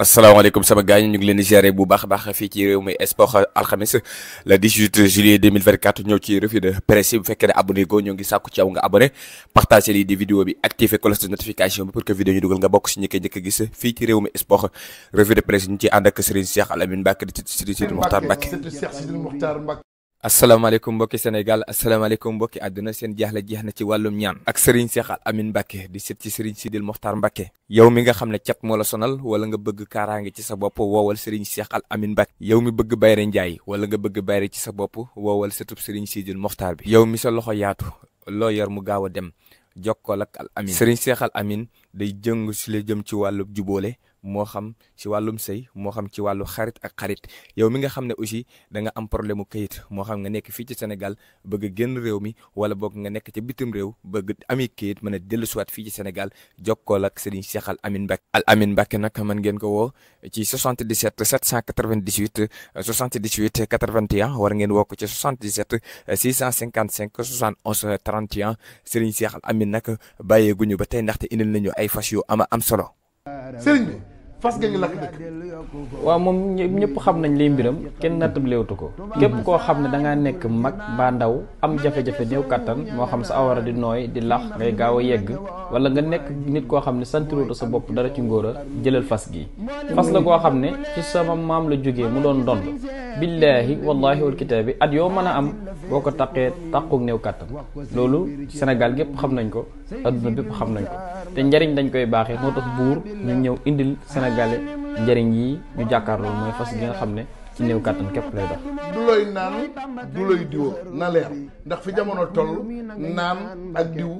asalaamaaleykum sama gars ñu ngi leen di ziare bu baax a baax fii ci réew mi sport alxamis le 18 juillet 2024 ñëw ci revue de bu fekkee ne abonné ko ñoo ngi sàkku ci nga abonné partagé lii di vidéo bi activé cloche de notification bi pour que vidéo ñu dugal nga bokk si ñi koy a gis fii ci réew mi sport revue de ñu ci ànd ak Serigne Cheikh Al Amine Mbacke di Serigne Sidi Mokhtar Mbacke asalaamaaleykum mbokki Sénégal asalaamaaleykum mbokki àdduna seen jeexla jeex na ci wàllum ñaan ak sëriñ Cheikh Al Amine Mbacke di sët ci Serigne Sidil Mokhtar Mbacke yow mi xam ne cat moo la sonal wala nga bëgg kaaraange ci sa bopp woowal Serigne Cheikh Al Amine yow mi bëgg bayre njaay wala nga bëgg bayre ci sa bopp woowal sëtub Serigne Sidil Mokhtar bi yow mi sa loxo yaatu loo yor mu gaaw a dem jokkool ak Al Amine Serigne Cheikh day jëng si la jëm ci wàllu juboole moo xam ci wàllum sey moo xam ci wàllu xarit ak xarit yow mi nga xam ne aussi da nga am problème mu kayit moo xam nga nekk fii ci Sénégal bëgg génn réew mi wala boog nga nekk ci bitim réew bëgg ami kayit mën a dellu siwaat fii ci Sénégal jokkool ak Serigne Cheikh Al Amin Mbacké Al Amin Mbacké nag mën ngeen ko woo ci 77 798 78 81 war ngeen woo ko ci 77 655 71 31 Serigne Cheikh Al Amin nag bàyyeeguñu ba tey ndaxte indil nañu ay fas yu ama am solo fas nga ñu lakk dëkk. waaw moom ñëpp xam nañ lay mbiram kenn nattab léewtu ko képp koo xam ne dangaa nekk mag baa ndaw am jafe-jafe néew kattan moo xam sa a di nooy di lax ngay gaaw a yegg wala nga nekk nit koo xam ne santirooto sa bopp dara ci ngóor a jëlal fas gi fas la koo xam ne ci sama maam la jóge mu doon dond billaahi wallaahi wal kitaabi at yoo mën a am boo ko taqee taquk néew kàttan loolu Sénégal gépp xam nañ ko adduna bépp xam nañ ko te njariñ dañ koy baaxee moo tax buur ñu ñëw indil Sénégalais njariñ yi ñu jàkkaarloo mooy fas gi nga xam ne ci néew kàttan képp lay dox du looy naan du looy diwoo na leer ndax fi jamono toll naan ak diw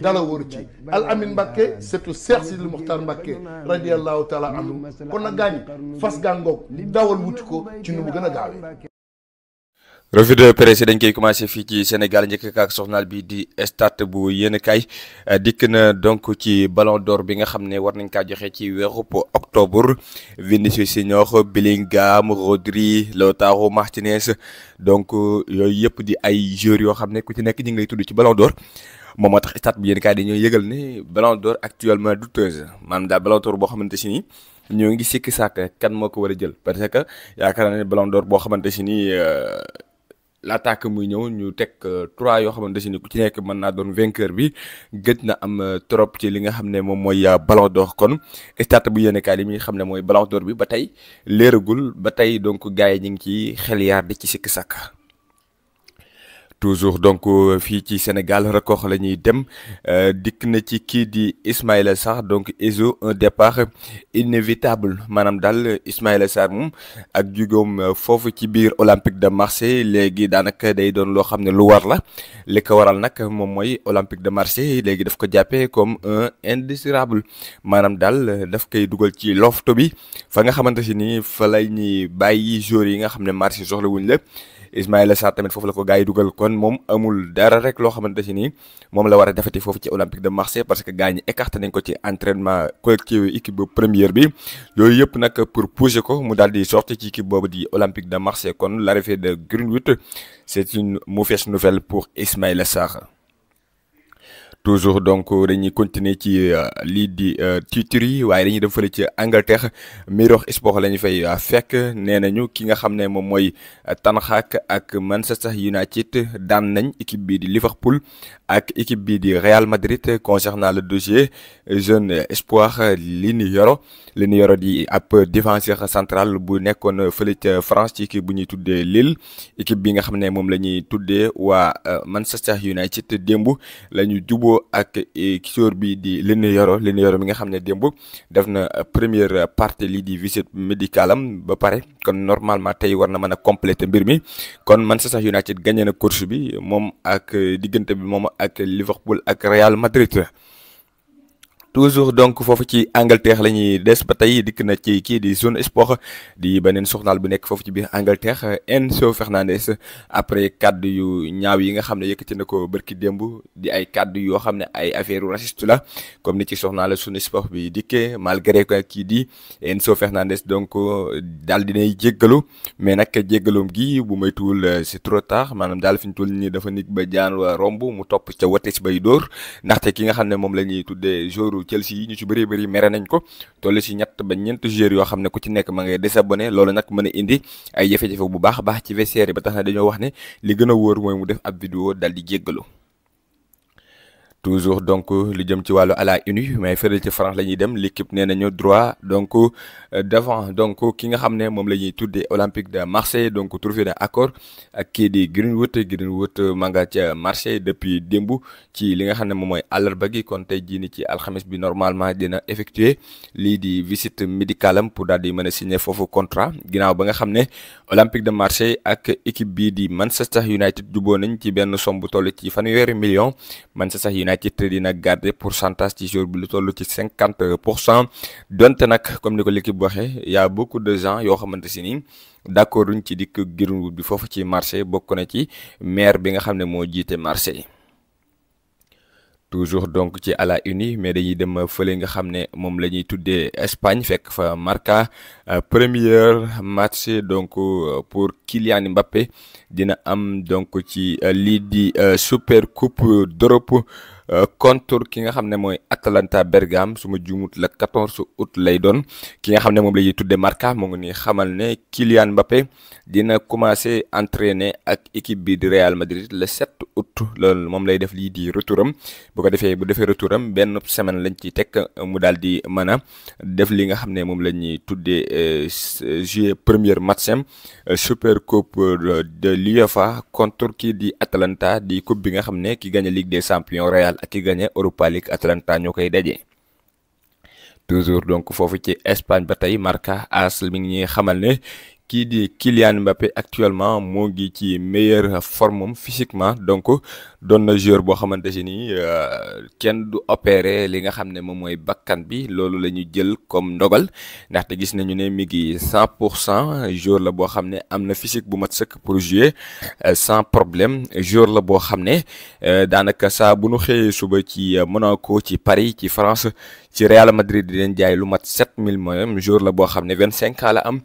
dara wóoru al amin Mbacke surtout Cheikh Sidil Muxtar Mbacke radiallahu taala anhu kon na gaañi fas gàngoog dawal wuti ko ci nu a gaawee revue de presse dañ koy commencé fii ci Sénégal njëkk ak soxnaal bi di stade bu yéen kay dikk na donc ci ballon door bi nga xam ne war nañ kaa joxe ci weeru octobre Vinicius Junior Bellingham Rodri Lautaro Martinez donc yooyu yëpp di ay joueurs yoo xam ne ku ci nekk ñu ngi lay tudd ci ballon d'or moom moo tax stade bi yéen kaay dañoo yëgal ne ballon d'or actuellement douteuse maanaam daal ballon boo xamante si nii ñoo ngi sikki sàkk kan moo ko war a jël parce que yaakaar naa ne ballon d'or boo xamante si nii euh, l'attaque muy ñëw ñu teg euh, trois yoo xamante si ni ku ci nekk mën naa doon vainqueur bi gëj na am euh, trop ci li nga xam ne moom mooy ballon d'or kon stade bu yéene kaay li muy xam ne mooy ballon bi ba tey leeragul ba tey donc gars yi ñu ngi ci xel yaar ci sikki sàkk toujours donc euh, fii ci Sénégal record la ñuy dem euh, dikk na ci kii di Ismaïla Sarr donc Ezo un départ inévitable maanaam daal Ismaïla Sarr moom ak jugoom euh, foofu ci biir Olympique de Marseille léegi daanaka day doon loo xam ne lu war la li ko waral nag moom mooy Olympique de Marseille léegi daf ko jàppee comme un indésirable maanaam daal daf koy dugal ci lofto bi fa nga xamante si ni fa lay ñuy bàyyi joueurs yi nga xam ne Marseille soxla wuñ la Ismaïla Sarr tamit foofu la ko gars yi dugal kon moom amul dara rek loo xamante si ni moom la war a defati foofu ci Olympique de Marseille parce que gars ñi écarté nañ ko ci entraînement collectif équipe bu première bi yooyu yëpp nag pour pousser ko mu daal di sorti ci équipe boobu di Olympique de Marseille kon l'arrivée de Greenwood c'est une mauvaise nouvelle pour Ismaïla Sarr toujours donc dañuy continuer ci euh, lii di euh, titre yi waaye dañuy dem fële ci Angleterre Mirror Sport la ñu fay euh, fekk nee nañu ki nga xam ne moom mooy Ten Hag ak Manchester United daan nañ équipe bii di Liverpool ak équipe bii di Real Madrid concernant le dossier jeune espoir Liniero yoro di ab défenseur central bu nekkoon fële ca France ci équipe bu ñuy tuddee Lille équipe bi nga xam ne moom la ñuy tuddee waa Manchester United démb la ñu Demboo ak eh, kisoor bi di Lenny Yoro Lenny Yoro mi nga xam ne démb def na eh, première partie lii di visite médicale am ba pare kon normalement tey war na mën a compléter mbir mi kon man sa sax United gagné na course bi moom ak eh, diggante bi moom ak Liverpool ak Real Madrid. toujours donc foofu ci Angleterre la ñuy des ba tey dikk na ci kii di zone sport di beneen journal bu nekk foofu ci biir Angleterre Enzo Fernandez après kaddu yu ñaaw yi nga xam ne yëkkati na ko bërki démb di ay kaddu yoo xam ne ay affaire raciste la comme ni ci journal sunu sport bi dikkee malgré que kii di Enzo Fernandez donc daal dinay jéggalu mais nag jéggaloom gi bu moytuwul euh, c'est trop tard maanaam daal fi ñu toll nii dafa nit ba jaan romb mu topp ca wates bay dóor ndaxte ki nga xam ne moom la ñuy tuddee jour Chelsea yi ñu ci bëri bëri mere nañ ko toll si ñett ba ñeent joueurs yoo xam ne ko ci nekk ma ngay désabonné loolu nag mën a indi ay jafe-jafe bu baax baax ci vestiaire yi ba tax dañoo wax ne li gën a wóor mooy mu def ab vidéo dal di jéggalu toujours donc lu jëm ci wàllu à la uni mais fële ci France la ñuy dem l'équipe nee nañu droit donc euh, devant donc ki nga xam ne moom la ñuy tuddee Olympique de Marseille donc trouvé na accord ak kii di Greenwood Greenwood euh, ma nga ca Marseille depuis démb ci li nga xam ne moom mooy àllarba gi kon tey jii ni ci alxames bi normalement dina effectuer lii di visite médicale pour daal di mën a signer foofu contrat ginnaaw ba nga xam ne Olympique de Marseille ak équipe bii di Manchester United juboo nañ ci benn somme bu toll ci fanweeri million Manchester United dina garder pourcentage ci jour bi lu toll ci cinquante pour cent donte nag comme ni ko l'équipe bu waxee yaa a beaucoup de gens yoo xamante si ni d'accord duñ ci dikk Greenwood bi foofu ci marché bokk na ci maire bi nga xam ne moo jiite marché toujours donc ci à uni mais dañuy dem fële nga xam ne moom la ñuy tuddee Espagne fekk fa marka euh, premier match donc euh, pour Kylian Mbappé dina am donc ci euh, lii di super coupe d'Europe Euh, contre ki nga xam ne mooy Atalanta Bergame su ma juumut la 14 août lay doon ki nga xam ne moom la ñuy tuddee Marca moo ngi nii xamal ne Kylian Mbappé dina commencé entraîner ak équipe bi di Real Madrid le 7 août moom lay def lii di retouram bu ko defee bu defee retouram benn semaine lañ ciy teg mu daal di mën def li nga xam ne moom la ñuy tuddee euh, jouer premier match am euh, super coupe de l'UEFA contre kii di Atalanta di coupe bi nga xam ne ki gagné Ligue des champions Real ak ki gagné Europa League Atalanta ñoo koy daje. toujours donc foofu ci Espagne ba tey Marca AS mi ngi xamal ne kii di Kylian Mbappé actuellement moo ngi ci meilleure forme physiquement donc doon na boo xamante si ni euh, kenn du opéré li nga xam ne moom mooy bakkan bi loolu la ñu jël comme ndogal ndaxte gis nañu ne mi ngi cent pour cent joueur la boo xam ne am na physique bu mat sëkk pour jouer euh, sans problème jour la boo xam ne euh, daanaka saa bu nu xëyee suba ci Monaco ci Paris ci France ci Real Madrid di leen jaay lu mat sept mille mooyam jour la boo xam ne vingt cinq la am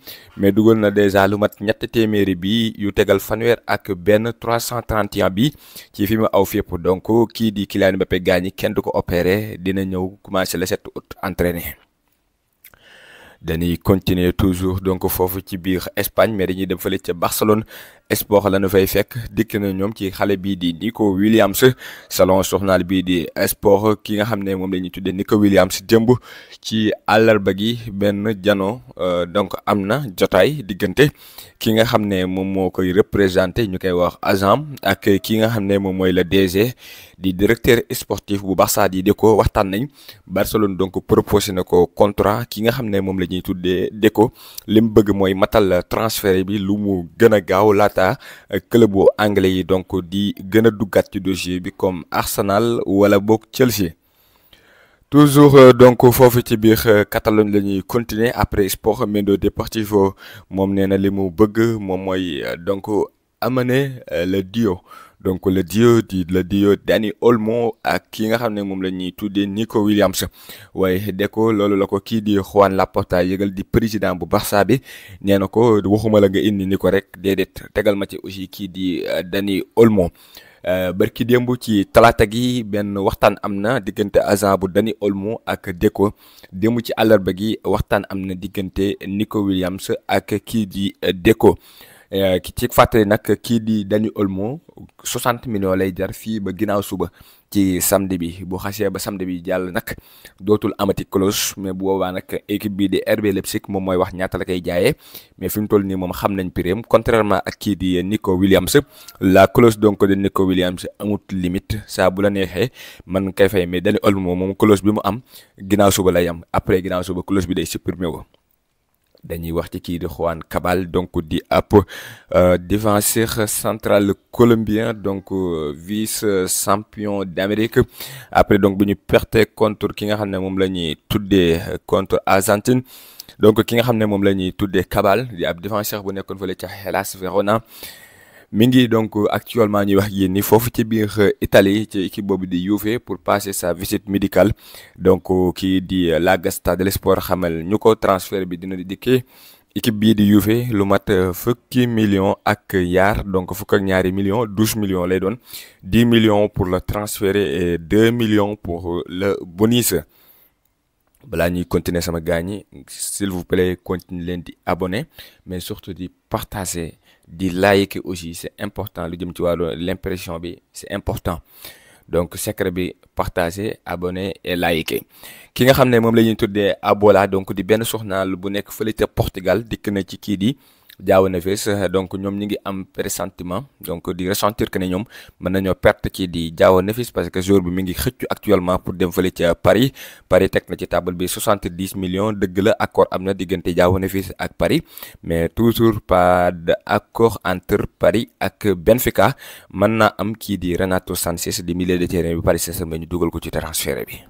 dèjà lu mat ñett téeméeri bi yu tegal fanweer ak benn cent 331 bi ci fi mu aw fépp donc kii di Kylian Mbappé gaañi kenn du ko opéré dina ñëw commencé le 7 août entraîné. dañuy continuer toujours donc foofu ci biir Espagne mais dañuy dem fële ca Barcelone sport la ñu fay fekk dikk na ñoom ci xale bii di Nico Williams selon journal bii di sport ki nga xam ne moom la ñuy tuddee Nico Williams jëmb ci àllarba gi benn jano euh, donc am na jotaay diggante ki nga xam ne moom moo koy représenté ñu koy wax agent ak ki nga xam ne moom mooy le DG di directeur sportif bu yi de ko waxtaan nañ Barcelone donc proposé na ko contrat ki nga xam ne moom la ñuy tuddee Deco li mu bëgg mooy matal transfert bi lu mu gën a gaaw laat laata euh, club bu anglais yi donc di gën a duggaat ci dossier bi comme Arsenal wala boog Chelsea. toujours euh, donc foofu ci biir euh, Catalogne la ñuy continuer après sport Mundo Deportivo moom nee na li mu bëgg moom mooy donc amener le duo donc le duo di la duo Dani Olmo ak ki nga xam ne moom la ñuy tuddee Nico Williams waaye de ko loolu la ko kii di Juan Laporta yëgal di président bu Barça bi nee na ko waxuma la nga indi ko rek déedéet tegal ma ci aussi kii di euh, Dani Olmo. Euh, bërki démb ci talaata gi benn waxtaan am na diggante agent bu Dani Olmo ak Deco démb ci àllarba gi waxtaan am na diggante Nico Williams ak kii di euh, Deco ki ci fàttali nag kii di Dani Olmo 60 millions lay jar fii ba ginnaaw suba ci samedi bi boo xasee ba samedi bi jàll nag dootul amati close mais bu boobaa nag équipe bi di RB moom mooy wax ñaata la koy jaayee mais fi mu toll nii moom xam nañ prix am contrairement ak kii di Nico Williams la close donc de Nico Williams amut limite saa bu la neexee man kay fay mais Dani Olmo moom close bi mu am ginnaaw suba lay am après ginnaaw suba close bi day supprimer wo dañuy wax ci kii di Juan Cabal donc di ab euh, défenseur central colombien donc euh, vice champion d'Amérique après donc bu ñu perte contre ki nga xam ne moom la ñuy tuddee euh, contre Argentine donc ki nga xam ne moom la ñuy tuddee Cabal di ab défenseur bu nekkoon fële ca Hellas Verona mi ngi donc actuellement ñuy wax yéen ni foofu ci biir euh, Italie ci équipe boobu di Juve pour passer sa visite médical donc euh, kii di euh, La Gazzetta dello Sport xamal ñu ko transfert bi dina dikkee équipe bii di Juve lu mat fukki million ak yaar donc fukk ñaari million douze million lay doon dix millions pour le transfert et deux millions pour la bonus. balaa ñuy continuer sama gars ñi s'il vous leen di abonné mais surtout di partager. di like aussi c'est important lu jëm ci wàllu l'impression bi c'est important donc secret bi partager abonné et liker ki nga xam ne moom la ñuy tuddee Abola donc di benn soxnaal bu nekk fële ca Portugal dikk na ci kii di. Diao Neves donc ñoom ñi ngi am pressentiment donc di ressentir que ne ñoom mën nañoo perte kii di jaawo Neves parce que joueur bi mi ngi xëccu actuellement pour dem fële ca Paris Paris teg na ci taabal bi 70 millions dëgg la accord am na diggante Diao Neves ak Paris mais toujours pas d'accord entre Paris ak Benfica mën naa am kii di Renato Sanchez di milieu de terrain bi Paris Saint-Germain ñu dugal ko ci transfert bi.